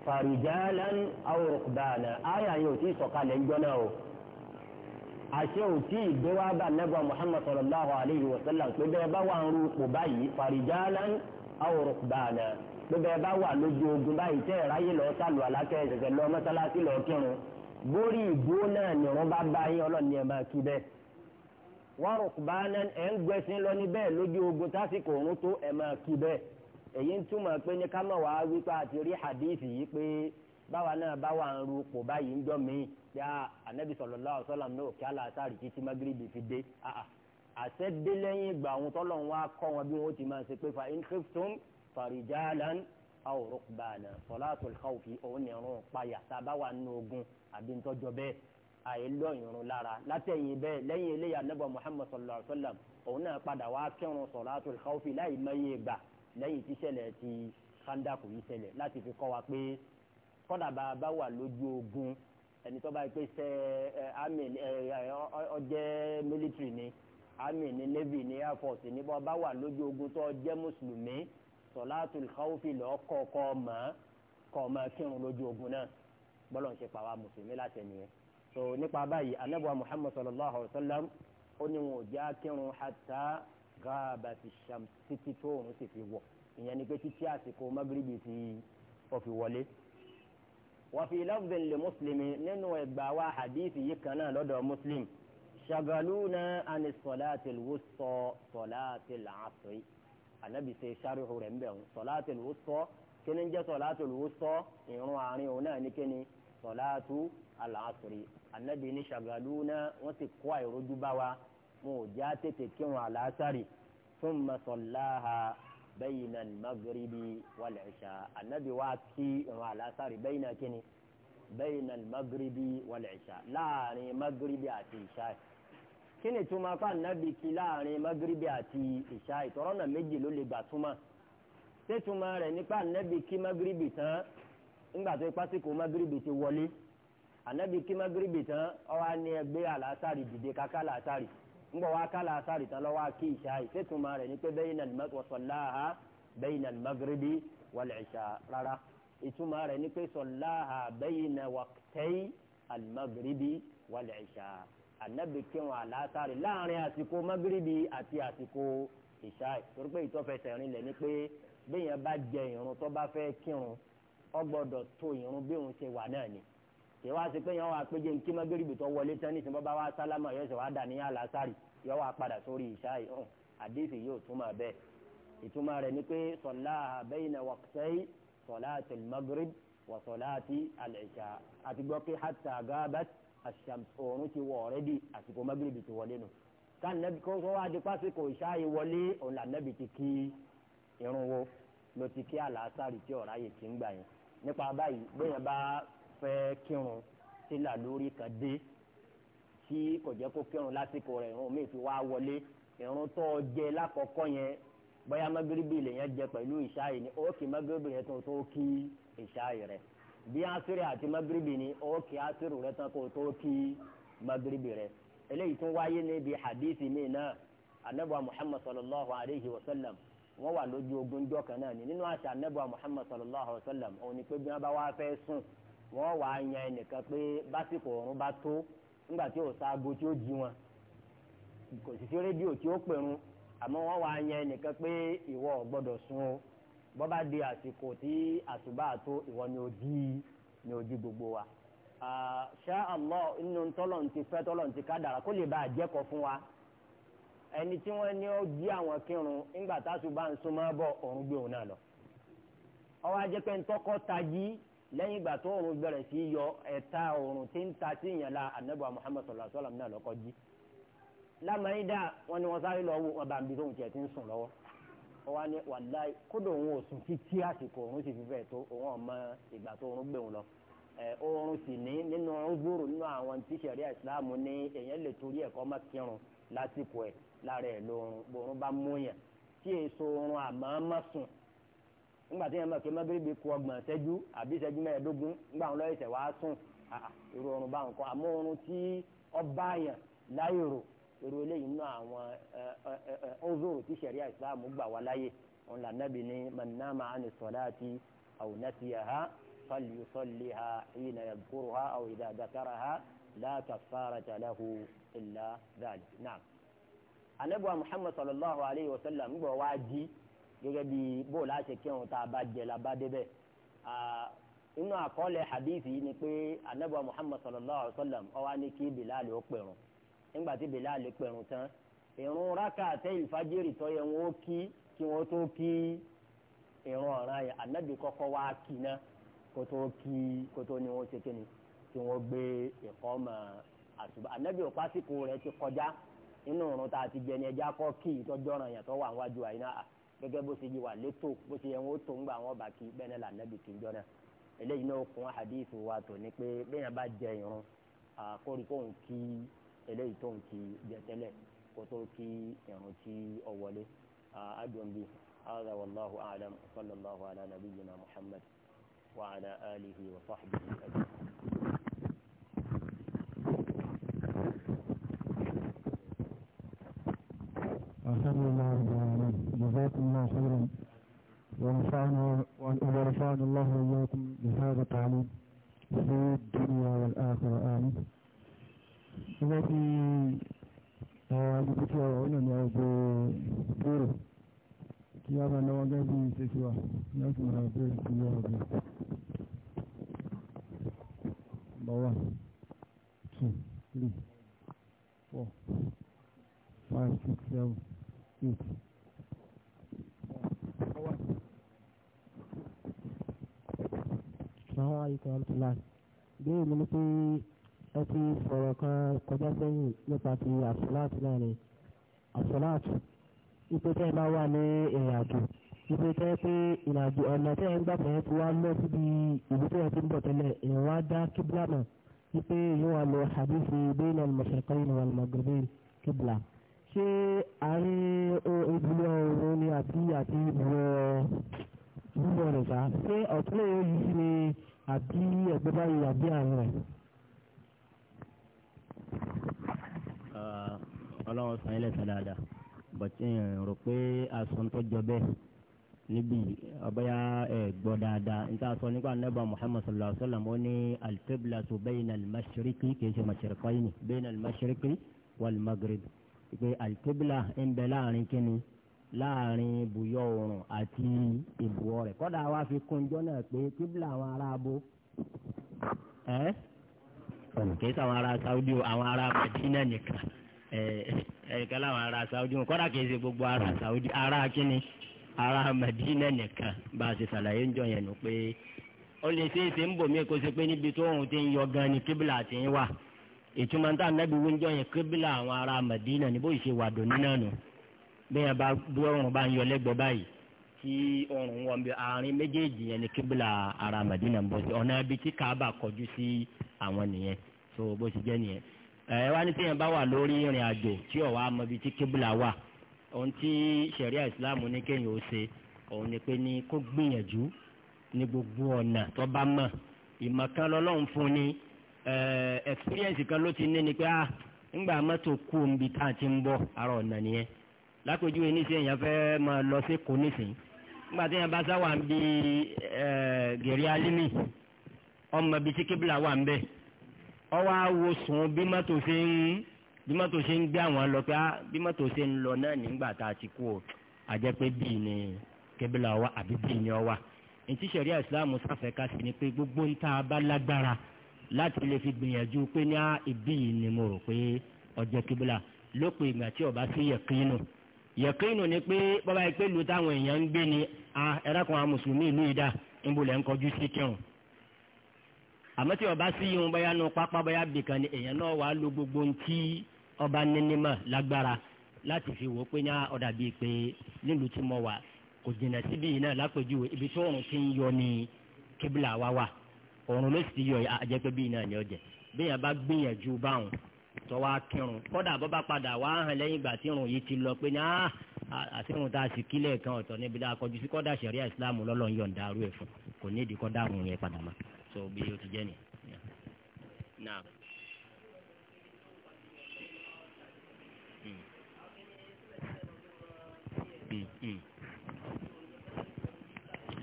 farijalan aw rukbana aya yìí ò tí sọ̀kalẹ̀ ń gbọ́nà o àṣẹ òtí ìgbéwá bá nẹ́gbà muhammad sallallahu alayhi wa sallam pé bẹ́ẹ̀ bá wà ń ru ipò báyìí farijalan aw gbogbo ẹ bá wà lójú ogun báyìí tẹ́ ẹ̀ ráyè lọ sálù alákẹ́ ẹ̀sẹ̀sẹ̀ lọ mọ́sálásí lọ kírun bórí ìgbó náà ni wọ́n bá bá yín ọlọ́ni ẹ̀ máa kí bẹ́ẹ̀. wọ́n rò kù bá ẹ̀ ń gbẹ́sìn lọ ní bẹ́ẹ̀ lójú ogun tásìkò òun tó ẹ̀ máa kí bẹ́ẹ̀. èyí ń túmọ̀ pé ní ká mọ̀ wá wípé àti rí hadithi yìí pé báwa náà bá wà ń rupò báyìí ń jọ pé ànábì sallallahu alaihi farijalan aw rukbana salatul khawfi òun ni irun payà sábà wà nínú ogun àbí ntọ́jọ bẹ́ẹ̀ àìlọ́ irun lára látẹ̀yìn bẹ́ẹ̀ lẹ́yìn eléyà nẹ́bọ̀ muhammad sallallahu alayhi wa sallam òun náà padà wá kírun salatul khawfi láì mẹ́yẹ gbà lẹ́yìn tíṣẹ̀lẹ̀ ti khandaku yìí ṣẹlẹ̀ láti fi kọ́ wa pé kọ́dà bá wà lójú ogun ẹni bá yẹ pé ṣe ẹ army ẹ ẹ ọjẹ́ military ni army ni navy ni air force ni bọ́ bá wà lójú ogun tó jẹ́ mùsùlùmí sọ̀láàtù ìkọ́wọ́fì lọ́ọ́ kọ́kọ́ mọ́ kọ́ ọmọ kírun lójú ogun náà bọ́lọ̀ ń ṣe pàwá mùsùlùmí láti ẹ̀mí yẹn. so nípa báyìí anábọ̀ muhammad sallallahu alayhi wa sallam ó ní wọn ò já kírun hatta ghabati shams títí tó òun sì fi wọ̀ ìyẹn ni pé títí àsìkò magribi ti ó fi wọlé. wa fi lafdhin li mùsùlùmí nínú ẹgbà wa hadithi yìí kan náà lọ́dọ̀ mùsùlùmí shagaluna anis salati al-wusta salati al anabi ṣe sárihù rẹ̀ ńbẹ̀ ń sọ̀láàtìl wùsọ̀ kíni jẹ́ sọ̀láàtìl wùsọ̀ ìrun àárín òun náà ní kíni sọ̀láàtù àlàásùrì anabi ní ṣàgàlúnà wọ́n sì kó àìrójú bá wa wọn ò já tètè kírun àlàásàrì thumma sọ̀láha bayna al-maghribi wal-isha anabi wa kí ìrun àlàásàrì bayna kíni bayna al-maghribi wal láàrin maghribi àti ìṣá kí ni túmọ̀ pa nàbì kí láàrin magiribi àti ìṣá ìtọ́rọ́ náà méjì ló lè gbà túmọ̀ ṣé túmọ̀ rẹ̀ nípa nàbì kí magiribi tán ńgbà tó pásíkò magiribi ti wọlé ànábì kí magiribi tán ọwọ́ ní ẹgbẹ́ àlàásàrì dìde kaká làásàrì ńgbọ̀ wá ká làásàrì tán lọ́wọ́ kí ìṣá ṣé túmọ̀ rẹ̀ ní pé bẹ́yìn nàlùmọ́ wọ̀sọ̀láha bẹ́yìn nàlùmọ́giribi wal ìṣá rárá ìtumọ̀ rẹ̀ ní pé sọ̀láha bẹ́yìn nàwàkẹ́yì àlùmọ́giribi ànábì kírun àlásàrì láàrin àsìkò mọ́gíríbì àti àsìkò ìṣá torí pé ìtọ́fẹsẹ̀ rinlẹ̀ ni pé béèyàn bá jẹ ìrun tó bá fẹ́ kírun ó gbọ́dọ̀ tó ìrun bí òun ṣe wà náà ni kì í wá sí pé yẹn wà pé jẹ́ nkí mọ́gíríbì tó wọlé tán ní ìsìnbọ́n bá wá sálámà yóò ṣe wá dà ní àlásàrì yóò wá padà sórí ìṣá ìhàn àdéhìí yóò túmọ̀ bẹ́ẹ̀ ìtumọ̀ rẹ̀ ni pé sọ̀lá àbẹ́yìnà waqtay sọ̀lá àti magrib wà àti al àti gbọ́ pé hàtà gábàtì àṣàmùsọ òòrùn ti wọ ọ̀rẹ́dì àsìkò mẹ́gìrìbì ti wọlé nù kánàbì kó wá di pásíkò ìṣáyé wọlé òun lànàbì ti kí irun wo ló ti kí àlàásàrì tí ọ̀rá yìí ti ń gbà yẹn nípa báyìí bóyá bá fẹ́ kírun sílà lórí kan dé tí kò jẹ́ kó kírun lásìkò rẹ̀ irun mi fi wá wọlé irun tó jẹ lákọ̀ọ́kọ́ yẹn bóyá mẹ́gìrìbì lèyẹn jẹ pẹ̀lú ìṣáyé ni ó kì mẹ́gìrìbì yẹn tó tó kí ìṣáyé rẹ̀ bí asiri àti magiribi ni ó kí asiri rẹ tán kó tó kí magiribi rẹ eléyìí tún wáyé níbi hadithi mi náà anabuwa muhammad sallallahu alayhi wa sallam wọn wà lójú ogun jọ náà ni nínú àṣà anabuwa muhammad sallallahu alayhi wa sallam òun ni pé bí wọn bá wá fẹ́ sùn wọn wà á yan ẹnìkan pé básìkò òun bá tó nígbà tí ò sáago tí ó jí wọn kò sì sí rédíò tí ó pèrún àmọ́ wọn wà á yan ẹnìkan pé ìwọ ò sùn o. bọ́ba di àsìkò tí àsùbá àtó ìwọ ni ó di ni ó di gbogbo wa. ṣá Allah inú tọ́lọ̀ ti fẹ́ tọ́lọ̀ ti ká dára kó lè bá àjẹkọ̀ fún wa ẹni tí wọ́n ní ó jí àwọn kírun ńgbà tásùbá ń súnmọ́ bọ̀ òun gbé òun náà lọ. ọwọ́ ajẹ́ pé ntọ́kọ́ tají lẹ́yìn ìgbà tó òun bẹ̀rẹ̀ sí yọ ẹ̀ta òun tí ń ta sí ìyànlá anábọ̀ Muhammad sallallahu alaihi wọ́n á ní wàláì kódà òun ò sùn títí àsìkò òun sì fi fẹ́ tó òun ọmọ ìgbà tó òun gbé òun lọ oorun sì ní nínú ọgbóró nínú àwọn tí ṣẹ̀ríà ìsìláàmù ní èèyàn lè torí ẹ̀kọ́ má kírun lásìkò ẹ̀ lára ẹ̀ lóorun bòrun bá mú yàn tí èso oorun àmọ́ má sùn nígbà tí yẹn mọ̀ pé mọ́gìrìbì ku ọgbọ̀n ṣẹ́jú àbí ṣẹ́jú mẹ́ẹ̀ẹ́dógún nígbà wọn lọ́yẹ̀sẹ̀ wá sùn irú oorun báwọn kọ́ àmọ́ oorun tí ọba yàn láyòrò irú eléyìí nínú àwọn ọ̀zọ́rò tí sẹ̀ríà islam gbà wá láyè òun là nàbì ní manama ani sọláàtì aw nasiyaha falyusalliha hina yadhkuruha aw idha dhakaraha la kafarata lahu illa dhalik naam. anabuwa muhammad sallallahu alayhi wa sallam gbọ́ wá jí gẹ́gẹ́ bí bóòlù àti kírun tá a bá jẹ bá débẹ̀ inú àkọọ́lẹ̀ hadith yìí ni pé anabuwa muhammad sallallahu alayhi wa sallam ó wá ní kí bilal ó pẹ̀rùn nígbà tí Bilal pẹ̀rùn tán ìrun rákà àtẹ ìfajiri tó yẹ wọn ó kí kí wọn tó kí ìrun ọ̀ràn yẹn anabi kọ́kọ́ wá kí ná kó tó kí kó tó ní wọn ṣe kí ni kí wọn gbé ẹ̀kọ́ mọ́ àṣùbà anabi ò pásíkò rẹ̀ ti kọjá inú ìrun tá a ti jẹ ní ẹja kọ́ kí ìtọ́jú ọ̀ràn yẹn tó wà wájú àyínà gẹ́gẹ́ bó ṣe yí wà létò bó ṣe yẹ wọn ó tó ń gbà wọn bá kí bẹ́ẹ̀ náà lànàbì kì í jọ náà eléyìí náà kún hadith wa tó ní pé bẹ́ẹ̀ bá jẹ ìrun kí eléyìí tó ń ti jẹ tẹ́lẹ̀ kó tó kí ẹ̀rùn tí ọ wọlé àádọ́nbí هذا والله أعلم صلى الله على نبينا محمد وعلى آله وصحبه أجمعين أحسن الله جزاكم الله خيرا ونفعنا ونفعنا الله وإياكم بهذا التعليم في الدنيا والآخرة آمين ṣùgbọ́n bí agbègbè ọ̀rọ̀ ọ̀nà ní ọgbọ̀ bóró kí a bá lọ́wọ́ gẹ́gẹ́ bí ṣe ṣe wà láti máa bẹ̀rẹ̀ sí ọ̀rọ̀ bí lọ́wọ́ two three four five six seven eight. Assalamu alaikum warahmatullahi. Bí èmi ní pé ẹ ti sọ̀rọ̀ kan kọjá sẹ́yìn nípa ti àsọláàtì náà ni àsọláàtì ipe tẹ́ ẹ bá wà ní ìrìn àjò ipe tẹ́ pé ìrìn àjò ọ̀nà tẹ́ ẹ ń gbà tẹ́ ẹ ti wá lọ síbi ìlú tẹ́ ẹ ti ń bọ̀ tẹ́lẹ̀ èèyàn wá dá kíbla mọ̀ ipe yóò wá lọ hadithi bayna al-mashriqayn wal-maghribayn kíbla ṣé àárín ìbúlọ̀ òun ni àti àti ìbúlọ̀ ìbúlọ̀ rẹ̀ sá ṣé ọ̀tún lè yóò ni àbí ẹgbẹ́ báyìí Ah, ọlọ́run san ilé sàn dáadáa bọ̀tí eh, rò pé asọ̀ntọ́jọ bẹ́ẹ̀ níbí ọbẹ̀yà ah, ẹ̀ gbọ́ dáadáa níta sọ nípa nẹ́bà Muhammad sallallahu alayhi wa sallam ó ní al-qiblatu bayna al-mashriqi kì í ṣe mashriqayni bayna al-mashriqi wal-maghrib pé al-qibla ń bẹ láàrin kínní láàrin ibùyọ oòrùn àti ibùwọ̀ rẹ̀ kọ́dà wa fi kún jọ́nà pé qibla àwọn aráabó ẹ́ kì í sọ àwọn ará Saudi àwọn ará Madina nìkan ẹ̀ẹ́dẹ̀kan láwọn ará Saudi kọ́dà kì í ṣe gbogbo ará Saudi ará kínní ará Madina nìkan bá a ṣe ṣàlàyé ń jọ yẹn nù pé ó lè ṣe é ṣe ń bò mí kó ṣe pé níbi tó òun ti ń yọ gan ni kíbìlà ti ń wà ìtumọ̀ níta nẹ́bí wíńjọ yẹn kíbìlà àwọn ará Madina níbo ìṣèwádò nínú nù bí yẹn bá bí ọrùn bá ń yọ lẹ́gbẹ̀ẹ́ báyìí tí ọrùn wọn bí àárín méjèèjì yẹn ni kíbla ara Madina ń bọ̀ sí ọ̀nà ibi tí Kaaba kọjú sí àwọn nìyẹn tó bó ti jẹ́ nìyẹn. ẹ wá ní sẹ́yìn bá wà lórí ìrìn àjò tí ó wá mọ ibi tí kíbla wà ohun tí ṣẹ̀ríà Islam ní kéèyàn ó ṣe òun ni pé ní kó gbìyànjú ní gbogbo ọ̀nà tó bá mọ̀ ìmọ̀ kan lọ́lọ́run fún ni experience kan ló ti ní ni pé ah ńgbà mọ́tò kú omi tá a ti ń bọ̀ ara ọ̀nà nìyẹn lápèjúwe ní sẹ́yìn yẹn fẹ́ máa lọ sí kò nísìnyí nígbà tí yẹn bá sá wà ń bi gèrè alimi ọmọ bíi síkébìlà wà ń bẹ ọ wá wo sùn bí mọ́tò ṣe ń bí mọ́tò ṣe ń gbé àwọn lọ pé bí mọ́tò ṣe ń lọ náà nígbà tá a ti kú o àjẹ́ pé bíi ni kébìlà wa àbí bíi ni ọ wa ètí sẹ̀ríà ìsìláàmù sáfẹ́ ká sí ni pé gbogbo ń tá bá lágbára láti lè fi gbìyànjú pé ní ibi yìí ni mo rò pé ọjọ́ kébìlà lópin ìgbà tí ọba sí yẹ kínú yẹ̀kínù ni pé bọ́bá yìí pé lu táwọn èèyàn ń gbé ni ẹ̀rọ kan àwọn mùsùlùmí ìlú yìí dà níbo lẹ́ ń kọjú sí kírun àmọ́ tí ọba sí yìí ń bọ́yá nu pápá bọ́yá bìkan ni èèyàn náà wàá lo gbogbo ohun tí ọba níní mọ̀ lágbára láti fi wò ó pé ní ọ̀dà bíi pé nílùú tí mo wà kò jìnnà síbí yìí náà lápèjúwe ibi tí oòrùn ti ń yọ ni kíbla wa wà oòrùn ló sì yọ àjẹpẹ́ bíi náà ni ọ̀jẹ̀ tó wá kírun kódà bó bá padà wá hàn lẹ́yìn ìgbà tí irun yìí ti lọ pé ní ah, àti tá a sì kílẹ̀ kan ọ̀tọ̀ níbi dá a kọjú sí kódà sẹ̀ríà ìsìláàmù lọ́lọ́ ń yọ̀ǹda arú ẹ̀ fún kò ní ìdí kódà àrùn yẹn padà mọ́ so bí o ti jẹ́ ni. Hmm. Hmm. Hmm.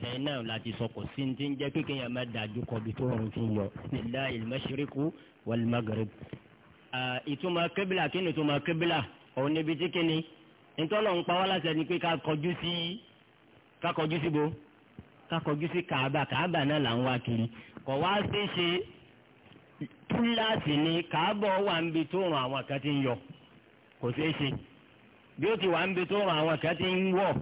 ẹ̀yin náà láti sọ kò sí ní ti ń jẹ́ kékeré yẹn máa dájú kọ́ bí tó rọrùn ti yọ nílá ìlmẹ́sirikú wal maghrib. Eh, ìtumọ̀ kébìlà kí ni ìtumọ̀ kébìlà òun níbi tí kíni ntọ́lọ̀ ń pa wá láti ẹni pé ká kọjú sí ká kọjú síbo ká kọjú sí kàába kàába náà là ń wá kiri kọ̀ wá sí ṣe túláàsì ni kàábọ̀ wà ń bi tó ràn àwọn kan ti ń yọ kò ṣeé ṣe bí ó ti wà ń bi tó ràn àwọn kan ti ń wọ̀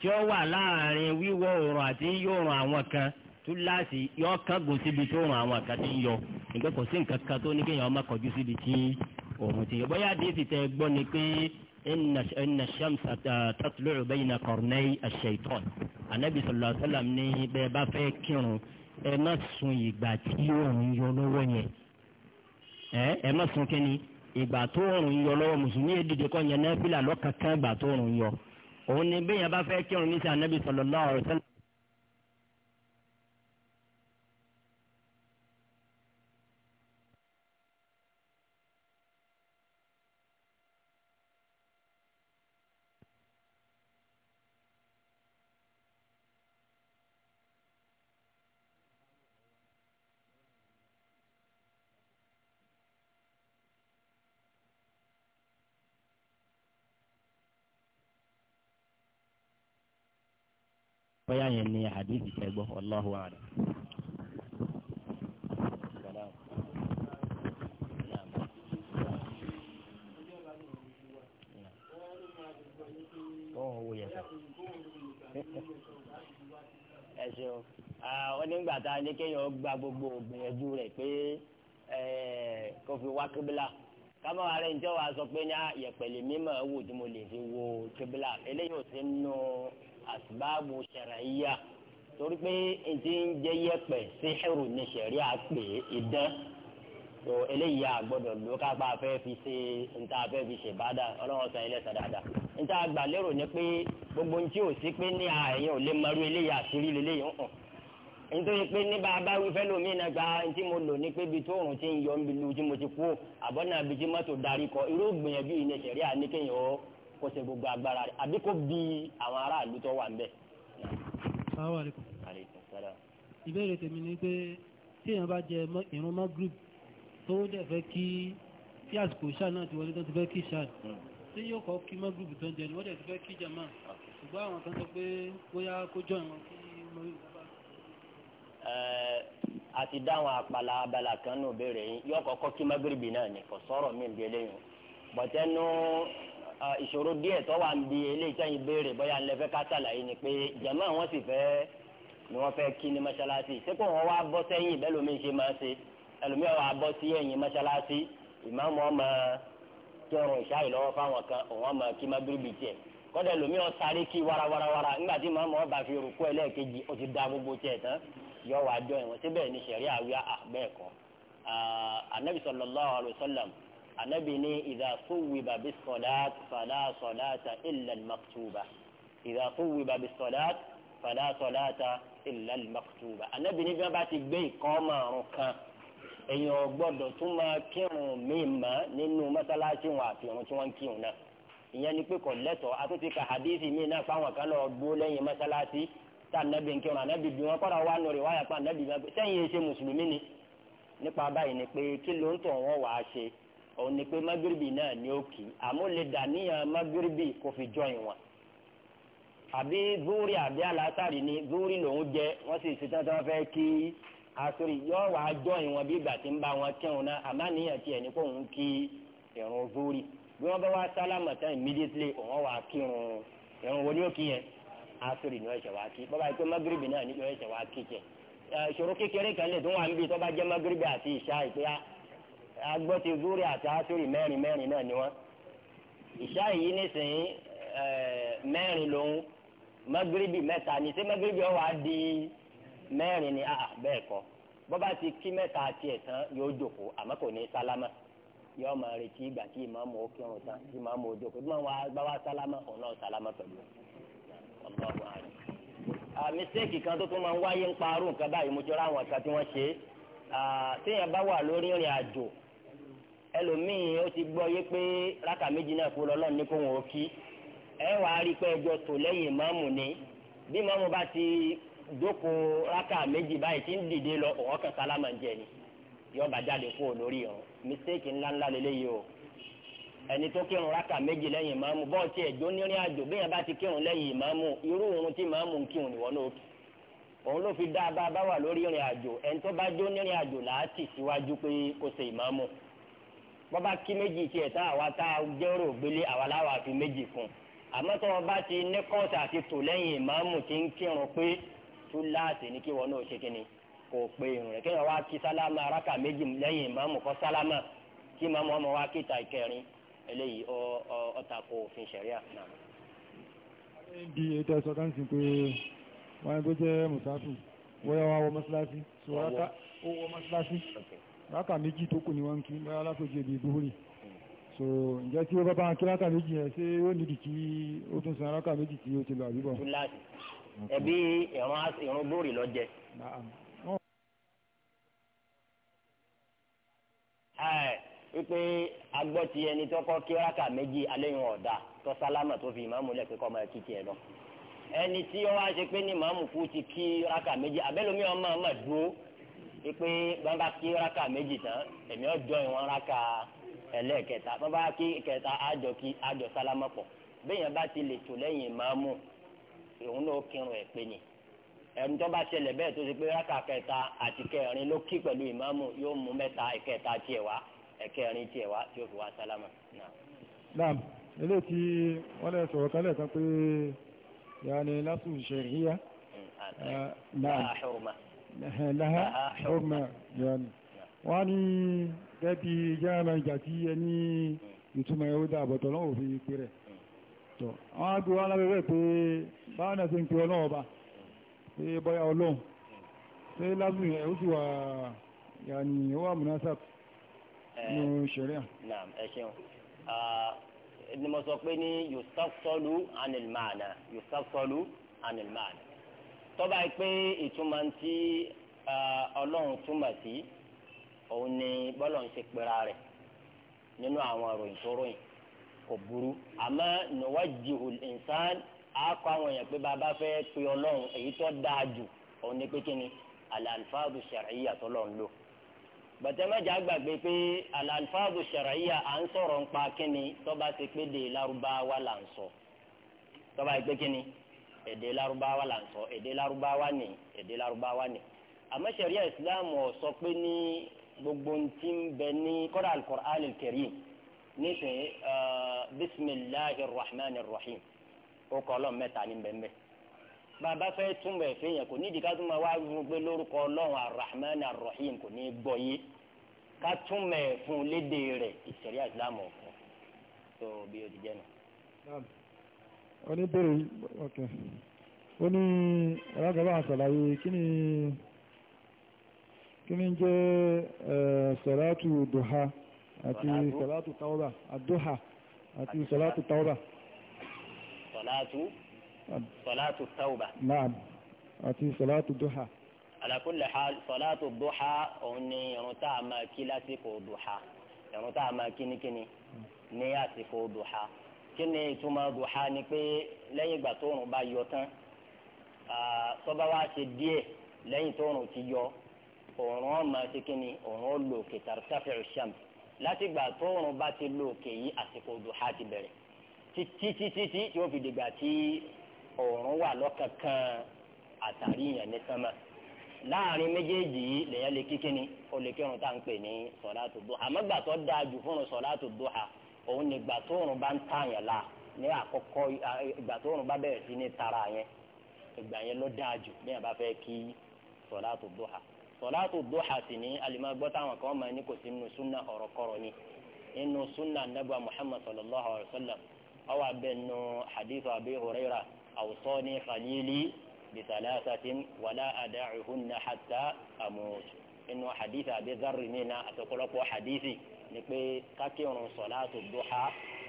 tí ó wà láàrin wíwọ̀ oòrùn àti yíyọ̀ oòrùn àwọn kan túláàsì yọ kágun síbi tó ràn àwọn àkàtà ń yọ nígbà kò sí nǹkan kan tó ní kéèyàn má kọjú síbi tí òun ti yọ bóyá àdéhìí tẹ gbọ́ ni pé inna shamsa tatlu'u bayna qarnay ash-shaytan anabi sallallahu alaihi wasallam ní bẹ́ẹ̀ bá fẹ́ kírun ẹ má sun ìgbà tí òun yọ lọ́wọ́ yẹn ẹ má sun kínní ìgbà tó òrùn yọ lọ́wọ́ mùsùlùmí èdìdì kọ́ yẹn náà fìlà lọ́kàkán ìgbà tó òrùn yọ òun ni bẹ́ẹ̀ bá fẹ́ kírun ní sẹ́ anabi sallallahu alaihi wasallam bóyá yẹn ni àdìsí tẹ́gbọ́ Allahu a'lam. ẹ̀sùn onígbà tá a ní kéèyàn gba gbogbo ògbìyànjú rẹ̀ pé kó fi wá kébìlà kámọ́ ààrẹ ìjọ wa sọ pé ní yẹ̀pẹ̀lẹ̀ mímọ̀ wò tí mo lè fi wo kébìlà eléyìí ò sí nù àsìbáàbù ṣẹ̀rẹ̀yà torí pé etí ń jẹ́ yẹ̀pẹ̀ síhìrù ní ṣẹ̀rí àpè ìdán tó eléyìí àgbọ̀dọ̀ ló kápá afẹ́ fi ṣe níta afẹ́ fi ṣe bàdà ọlọ́wọ́ san ilẹ̀ sàn dáadáa níta lérò ni pé gbogbo ntí ò sí pé ní àyàn ò lè mọrú eléyìí àṣírí lélẹ́yìí hàn nítorí pé ní bàbá wífẹ́ lómi náà gba ntí mo lò ní pé bí tó òrùn ti ń yọ ń bi lu tí mo ti kú àbọ̀nà àbí tí mọ́tò darí kọ irú gbìyànjú yìí ni ṣẹ̀rí àníkéyàn ó kó ṣe gbogbo agbára rẹ̀ àbí kó bi àwọn aráàlú tó wà ń bẹ̀. assalamu alaikum. alaikum salam. ìbéèrè tèmi ni pé tí èèyàn bá jẹ ìrún mọ́ group tó dẹ̀ fẹ́ kí tí àsìkò ṣáà náà ti wọlé tó ti fẹ́ kí ṣáà tí hmm. yóò kọ́ kí mọ́ group tó ń jẹ ni wọ́n dẹ̀ ti fẹ́ kí jama ṣùgbọ́n àwọn kan sọ pé bóyá kó jọ ìwọ̀n kí mọ́ group bá. a ti dáhùn àpàlà abala kan nù béèrè yín yóò kọ́kọ́ kí mọ́ group náà ni kò sọ̀rọ̀ mí bí eléyìí bọ̀tẹ́nu ìṣòro díẹ̀ tó wà ń bi eléyìí tẹ́yìn béèrè bóyá ńlẹ́ fẹ́ ká ṣàlàyé ni pé jàmá wọn sì fẹ́ ni wọ́n fẹ́ kí ni mọ́ṣáláṣí sẹ́kọ̀ wọn wá bọ́ sẹ́yìn bẹ́ẹ̀ lómi ṣe máa ṣe ẹlòmíì wá bọ́ sí ẹ̀yìn mọ́ṣáláṣí ìmáàmù ọmọ kírun ìṣáì lọ́wọ́ fáwọn kan òun ọmọ kí má bíríbì tiẹ̀ kọ́dà ẹlòmíì ó sáré kí warawarawara nígbà tí ìmáàmù ọba fi rúkú ẹlẹ́ẹ̀kejì ó ti da gbogbo tiẹ̀ tán yọ wá jọ ìwọ̀n síbẹ̀ ni sẹ̀rí àwíyá àbẹ́ẹ̀kọ́ anabi sallallahu alayhi anabi ní idha suwiba bis-salat fala salata illa al-maktuba idha suwiba bis-salat fala salata illa al-maktuba anabi ní bí wọ́n bá ti gbé ìkọ́ márùn kan èèyàn gbọ́dọ̀ tún máa kírun míì mọ́ nínú mọ́sálásí wọn àti ìrun tí ìyẹn ni pé kò lẹ́tọ̀ọ́ ka hadithi mi náà fáwọn kan lọ gbó lẹ́yìn mọ́sálásí tá ànábì ń kírun ànábì bí wọn kọ́ra wà nù wáyà pa ànábì bí wọn sẹ́yìn ṣe mùsùlùmí ni nípa báyìí ni pé kí ló ń tọ̀ wọ́n wàá ṣe òun ni pé magrebi náà ni ó kì í àmọ́ lè dà níyàn magrebi kò fi jọ ìwọ̀n àbí zúrì àbí alásàrì ni zuri lòún jẹ wọ́n sì ṣetán tí wọ́n fẹ́ kí asòrì yọ wà á jọ ìwọ̀n bí ìgbà tí ń bá wọn kẹ́hùn náà àmọ́ níyàn tiẹ̀ ní kó òun kí ìrun zúrì bí wọ́n bá wá sálámà tán immediately òun wà á kírun ìrun wo ni ó kí yẹn asòrì ni wọ́n ṣe wá kí bọ́ba ìpè magrebi náà ni wọ́n ṣe wá kí jẹ ìṣòro kékeré kan lè tún wà ń tó bá jẹ́ magrebi àti ìṣá ìpè á ah, agbọ́ ti zúrí àti asúrì mẹ́rin mẹ́rin náà ni wọ́n ìṣá yìí nísìnyí mẹ́rin lòun magrebi mẹ́ta ni ṣé magrebi ọ̀wá di mẹ́rin ni àà bẹ́ẹ̀ kọ́ bọ́ba ti kí mẹ́ta tiẹ̀ tán yóò jòkó àmọ́ kò ní sálámà yóò máa retí ìgbà tí ìmáàmù ó kírun tán tí ìmáàmù ó jòkó tí wọ́n wá bá wá sálámà òun náà sálámà pẹ̀lú ọlọ́run kan tó tún máa ń wáyé ń parú nǹkan báyìí mo jọra àwọn kan tí wọ́n ṣe é téèyàn bá wà lórí ìrìn àjò ẹlòmíì ó ti gbọ́ yé pé rákà méjì náà kú lọ́lọ́ ní kó wọn ò kí ẹ wàá rí pé ẹjọ́ tò lẹ́yìn ìmáàmù ni bí ìmáàmù bá ti dóko rákà méjì báyìí ti ń dìde lọ òun kan sálámà jẹ ni yọba jáde kú lórí ọ mistake ńláńlá lélẹ́yìí o ẹni tó kírun rákà méjì lẹ́yìn ìmáàmù bọ́ọ̀tì ẹ̀jọ́ nírìn àjò bí yẹn bá ti kírun lẹ́yìn ìmáàmù irú òun tí ìmáàmù ń kírun nìwọ́n náà kí òun ló fi dá a bá a bá wà lórí ìrìn àjò ẹni tó bá jó nírìn àjò làá tì síwájú pé kó ṣe ìmáàmù bọ́ba kí méjì tiẹ̀ tá àwa tá a jẹ́rò gbélé àwa láwa fi méjì fún àmọ́ tó wọn bá ti ní kọ́ọ̀tù àti tò lẹ́yìn ìmáàmù tí ń kírun pé tú láàtì ní kí wọn náà ṣe kíni kò pe irun rẹ̀ kéèyàn wá kí sálámà aráka méjì lẹ́yìn ìmáàmù kọ́ sálámà kí ìmáàmù ọmọ wa kíta ìkẹrin eléyìí ọ ọ ọtakò òfin ṣẹ̀ríà náà. bí ètò ẹ̀sọ́ kan sì pé wọ́n ẹgbẹ́ jẹ́ mùsáfù wọ́n yà wá wọ mọ́ṣáláṣí raka méjì tó kù ni wọ́n ń kí báyá lápèjì ibi ìbúhùrì so ǹjẹ́ tí ó bá bá ń kí rákà méjì yẹn ṣé ó nídi kí ó tún san rákà méjì tí ó ti lọ àbíbọ̀. ẹbí ìrún bórì lọ jẹ. wípé agbọ́ ti ẹni tó kí rákà méjì aléyìn ọ̀dà tó sálámà tó fi ìmáàmù lẹ̀ pé kọ́ máa kí tiẹ̀ lọ. ẹni tí ó wá ṣe pé ní ìmáàmù kú ti kí rákà méjì àbẹ́lómi ọmọ ọmọ dúró ipe bàbá kí raka méjì tán èmi ọjọ́ ìwọ̀n raka ẹlẹ́ẹ̀kẹta bàbá kí kẹta àjọ kí àjọ sálámà pọ̀ bẹ́ẹ̀yàn bá ti lè tò lẹ́yìn ìmáàmù òun náà kírun ẹ̀ pé ni ẹ̀rù tó bá ṣẹlẹ̀ bẹ́ẹ̀ tó ṣe pé raka kẹta àti kẹrin ló kí pẹ̀lú ìmáàmù yóò mú mẹ́ta ìkẹta tiẹ̀ wá ẹ̀kẹrin tiẹ̀ wá tí ó fi wá sálámà. naam eléyìí tí wọ́n lè sọ̀rọ̀ kálẹ̀ kan pé yanni lásù ṣẹ̀ríyà. Hmm, náà lẹ́hà ọmọ yọni wọ́n ní gẹ́bí jẹ́rẹ̀mọ̀ ìjà tí ẹni ìtumọ̀ ẹ̀hó dàbọ̀tọ̀ lọ́wọ́ fi pé rẹ̀ tọ́ àwọn àgbò wọn lábẹ́rẹ́ pé báwọn náà ṣe ń pe ọlọ́wọ́ bá pé bọ́yá ọlọ́run pé lábùn ẹ̀ ó sì wà yàní ó wà múnásà ní ṣẹ̀ríà. naam mo sọ pé ní yustafsalu anil maana yustafsalu anil maana tọ́ba pé ìtumọ̀ ti ọlọ́run túmọ̀ sí òun ni bọ́lọ̀ ń ṣe pera rẹ̀ nínú àwọn ròyìn tó ròyìn kò burú àmọ́ nuwajjihul insan á kọ́ àwọn èèyàn pé bàbá fẹ́ pe ọlọ́run èyí tó dáa jù òun ni pé kíni al-alfadhu shar'iyya tó lọ́n lò bàtẹ́mẹ́jà gbàgbé pé al-alfadhu à ń sọ̀rọ̀ ń pa kíni tọ́ba ti pé de lárúbáwá là ń sọ tọ́ba yìí pé kíni èdè Lárúbáwá là ń sọ èdè Lárúbáwá ni èdè Lárúbáwá ni àmọ́ sẹ̀ríà ìsìláàmù ó sọ pé ní gbogbo ntí ń bẹ ní kọ́dà al-Qur'an al-Karim nísìnyí bisimilahi rahman rahim ó kọ́ ọlọ́run mẹ́ta ní bẹ́ẹ̀ bàbá fẹ́ túmọ̀ ẹ̀fẹ́ yẹn kò ní ìdí ká túmọ̀ wá fún pé lórúkọ ọlọ́run arahman arahim kò ní í gbọ́ yé ká túmọ̀ ẹ̀ fún léde rẹ̀ ìsẹ̀ríà ìsìláàmù ọ̀fọ̀ tó bí o ti jẹ́ nù oníbèrè ok ó ní alágbàbà àṣàlàyé kí ni kí ni jẹ́ sọ̀ràtù dùhà àti sọ̀ràtù tàwọ́bà àdùhà àti sọ̀ràtù tàwọ́bà. sọ̀ràtù sọ̀ràtù tàwọ́bà. naam àti sọ̀ràtù dùhà. ala kulli hal sọ̀ràtù dùhà òun ni irun tá a máa kí lásìkò dùhà irun tá a máa kí ní kíni hmm. ní àsìkò dùhà kí ni ìtumọ̀ duha ni pé lẹ́yìn ìgbà tóòrùn bá yọ tán sọ́ba wa ṣe díẹ̀ lẹ́yìn tóòrùn ti yọ òòrùn ọ̀ma ṣe kí ni òòrùn ó lò òkè tàrútàfẹ́ ṣàm látìgbà tóòrùn bá ti lò òkè yìí àsìkò duha ti bẹ̀rẹ̀ títítítí yóò fi dìgbà tí òòrùn wà lọ́kànkan àtàrí yẹn ní sánmà láàrin méjèèjì yìí lèyàn lè kí kí tá à ń pè ní sọ̀látù duha àmọ́gbà tó dáa jù fún sọ̀látù duha òun ni ìgbà tó òrùn bá ń tààyàn la ní àkọ́kọ́ ìgbà tó òrùn bá bẹ̀rẹ̀ sí ní tara yẹn ìgbà yẹn ló dáa jù bí wọn bá fẹ́ kí sọ̀látù dúhà sọ̀látù dúhà sì ní alimọ̀ gbọ́ táwọn kan máa ní kò sí nínú súnà ọ̀rọ̀kọ̀rọ̀ ni nínú súnà nàbà muhammad sallallahu alayhi wa sallam ọwọ́ abẹ́ nù hadith abi huraira awsani khalili bisalaasatin wala ada'uhunna hatta amut nínú hadith abi zarri mina àtọ̀kọ́lọ́pọ̀ hadithi. ni pé kákírun sọ̀láàtù dúhà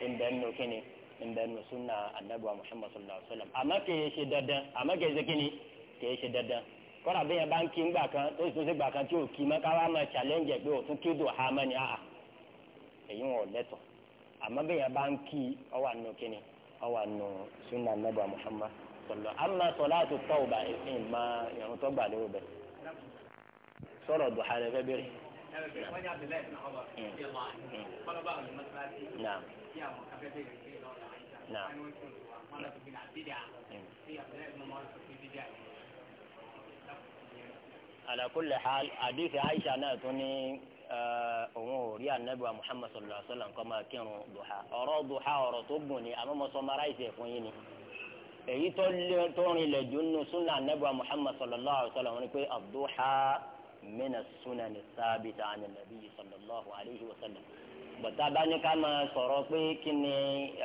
ìbẹ̀nu kínni ìbẹ̀nu súnà anábìwá muhammad sallallahu àmọ́ kìí ṣe dandan àmọ́ kìí ṣe kínni kìí ṣe dandan kọ́ra bẹ́ẹ̀ bá ń kí kan tó sì tún sí gbà kan tí ò kí mọ́ káwá máa challenge pé òtún kí dúhà mọ́ ni àhà èyí wọn ò lẹ́tọ̀ àmọ́ bẹ́ẹ̀ bá ń kí ọwà nù ọwà nù súnà wọ́n yà bẹ̀rẹ̀ ní ọ̀rọ̀ ṣe wà ní kọ́lọ́bà ọ̀rọ̀ mọ́tíláṣí tí àwọn akẹ́kẹ́ rẹ̀ ṣe lọ́rọ̀ àyíká wọn ni wọ́n ti wà wọ́n lọ sí bíi àbídà tí àbẹ̀rẹ̀ ní ọmọ ọ̀rọ̀ sí bíi àyíká. على كل حال حديث عائشة náà tún ní eh, òun ò rí anabiwa muhammad sallallahu alaihi wa sallam kọ́ máa kírun duha ọ̀rọ̀ duha ọ̀rọ̀ tó gùn ni àmọ́ mo summarize fún yín ni èyí tó rin lẹ̀ jù nù sunna anabiwa muhammad sallallahu alaihi wa sallam wọn ni pé abduha mina sunan sábìtà àni nàbí sallallahu alayhi wa sallam bọ̀tá bá ní ká máa sọ̀rọ̀ pé kí ni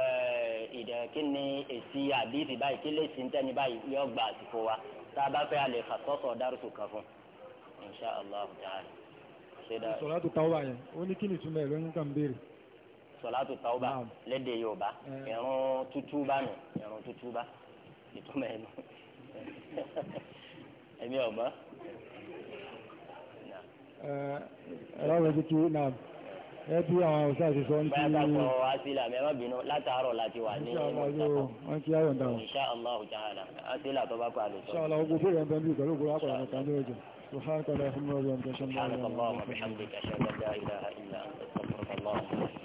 eh, ìdẹ̀ kí ni èsì àdìsí báyìí kí lè sin tẹ́ni báyìí yọ gba àsìkò wa tá a bá fẹ́ a lè fà sọ́sọ̀ dárúkọ kan fún insha allah ta'ala. sọ̀látù tawba yẹn ó ní kí ni túmọ̀ ẹ̀ lóyún kan béèrè. sọ̀látù tawba lédè yorùbá ìrun eh. tútúbá nù ìrun tútúbá ìtumọ̀ ẹ̀rọ rẹ̀ tuntun náà ẹ bí àwọn ọ̀sán ti sọ ń tí. báyà kọ asila mẹ́wàá bínú látàárọ̀ láti wà ní ìmọ̀tàkùn. wọ́n ti ayọ̀ ǹda o. insha allah ta'ala asila tó bá pàdé sọ. insha allah ogun bóyá ń bẹ bí ìgbàlú ògbó akọ̀rọ̀ nìkan ní ọjọ́. subhanaka allahumma wa bihamdika ashhadu an la ilaha illa anta astaghfiruka wa atubu ilayk